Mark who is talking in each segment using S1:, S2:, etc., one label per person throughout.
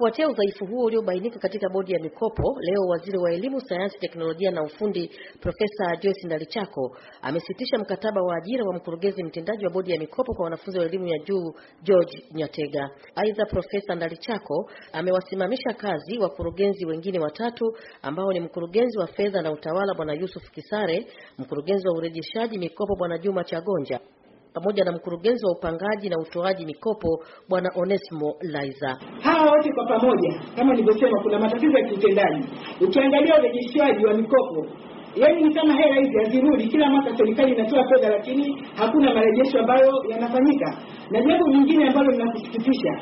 S1: Kufuatia udhaifu huo uliobainika katika bodi ya mikopo, leo waziri wa elimu, sayansi, teknolojia na ufundi Profesa Joyce Ndalichako amesitisha mkataba wa ajira wa mkurugenzi mtendaji wa bodi ya mikopo kwa wanafunzi wa elimu ya juu George Nyatega. Aidha, Profesa Ndalichako amewasimamisha kazi wakurugenzi wengine watatu ambao ni mkurugenzi wa fedha na utawala Bwana Yusuf Kisare, mkurugenzi wa urejeshaji mikopo Bwana Juma Chagonja pamoja na mkurugenzi wa upangaji na utoaji mikopo Bwana onesimo Laiza.
S2: Hawa wote kwa pamoja, kama nilivyosema, kuna matatizo ya kiutendaji. Ukiangalia urejeshwaji wa mikopo yaani ni kama hela hizi hazirudi. Kila mwaka serikali inatoa fedha, lakini hakuna marejesho ambayo yanafanyika. Na jambo lingine ambalo linakusikitisha,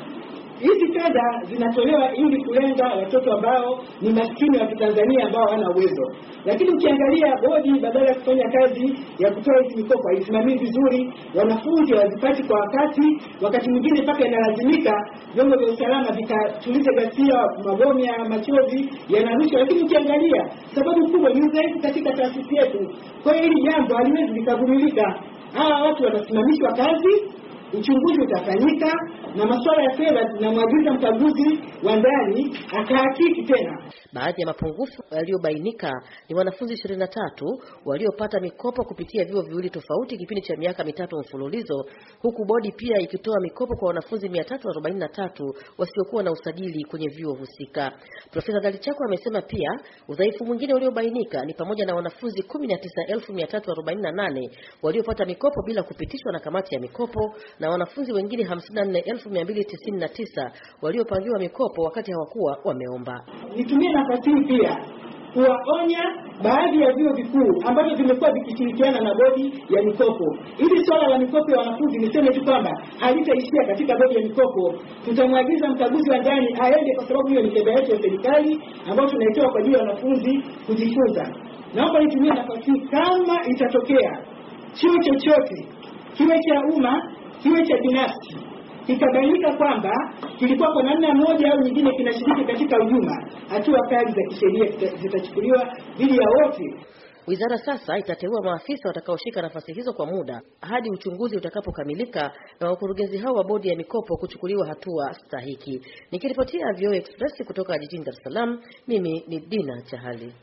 S2: hizi fedha zinatolewa ili kulenga watoto ambao ni maskini wa Kitanzania ambao hawana uwezo. Lakini ukiangalia bodi, badala ya kufanya kazi ya kutoa hizi mikopo, haisimamii vizuri, wanafunzi wazipati kwa wakati. Wakati mwingine mpaka inalazimika vyombo vya usalama vikatulize gasia mabomu ya machozi yanarushwa. Lakini ukiangalia sababu kubwa ni udhaifu katika taasisi yetu. Kwa hiyo hili jambo haliwezi likavumilika. Hawa watu wanasimamishwa kazi uchunguzi utafanyika na masuala ya fedha na mwajuza mkaguzi wa ndani akahakiki tena.
S1: Baadhi ya mapungufu yaliyobainika ni wanafunzi 23 waliopata mikopo kupitia vyuo viwili tofauti kipindi cha miaka mitatu mfululizo, huku bodi pia ikitoa mikopo kwa wanafunzi 343 wasiokuwa na usajili kwenye vyuo husika. Profesa Dalichako amesema pia udhaifu mwingine uliobainika ni pamoja na wanafunzi 19348 waliopata mikopo bila kupitishwa na kamati ya mikopo na wanafunzi wengine 54299 waliopangiwa mikopo wakati hawakuwa wameomba. Nitumie nafasi hii pia kuwaonya
S2: baadhi ya vyuo vikuu ambavyo vimekuwa vikishirikiana na bodi ya mikopo. Hili swala la mikopo ya wanafunzi, niseme tu kwamba halitaishia katika bodi ya mikopo. Tutamwagiza mkaguzi wa ndani aende, kwa sababu hiyo ni fedha yetu ya serikali ambayo tunaitoa kwa ajili ya wanafunzi kujifunza. Naomba nitumie nafasi hii, kama itatokea chuo chochote kiwe cha umma kiwe cha binafsi kikabainika kwamba kilikuwa kwa namna moja au nyingine kinashiriki katika hujuma, hatua kali za kisheria zitachukuliwa dhidi ya wote.
S1: Wizara sasa itateua maafisa watakaoshika nafasi hizo kwa muda hadi uchunguzi utakapokamilika na wakurugenzi hao wa bodi ya mikopo kuchukuliwa hatua stahiki. Nikiripotia VOA Express kutoka jijini Dar es Salaam, mimi ni Dina Chahali.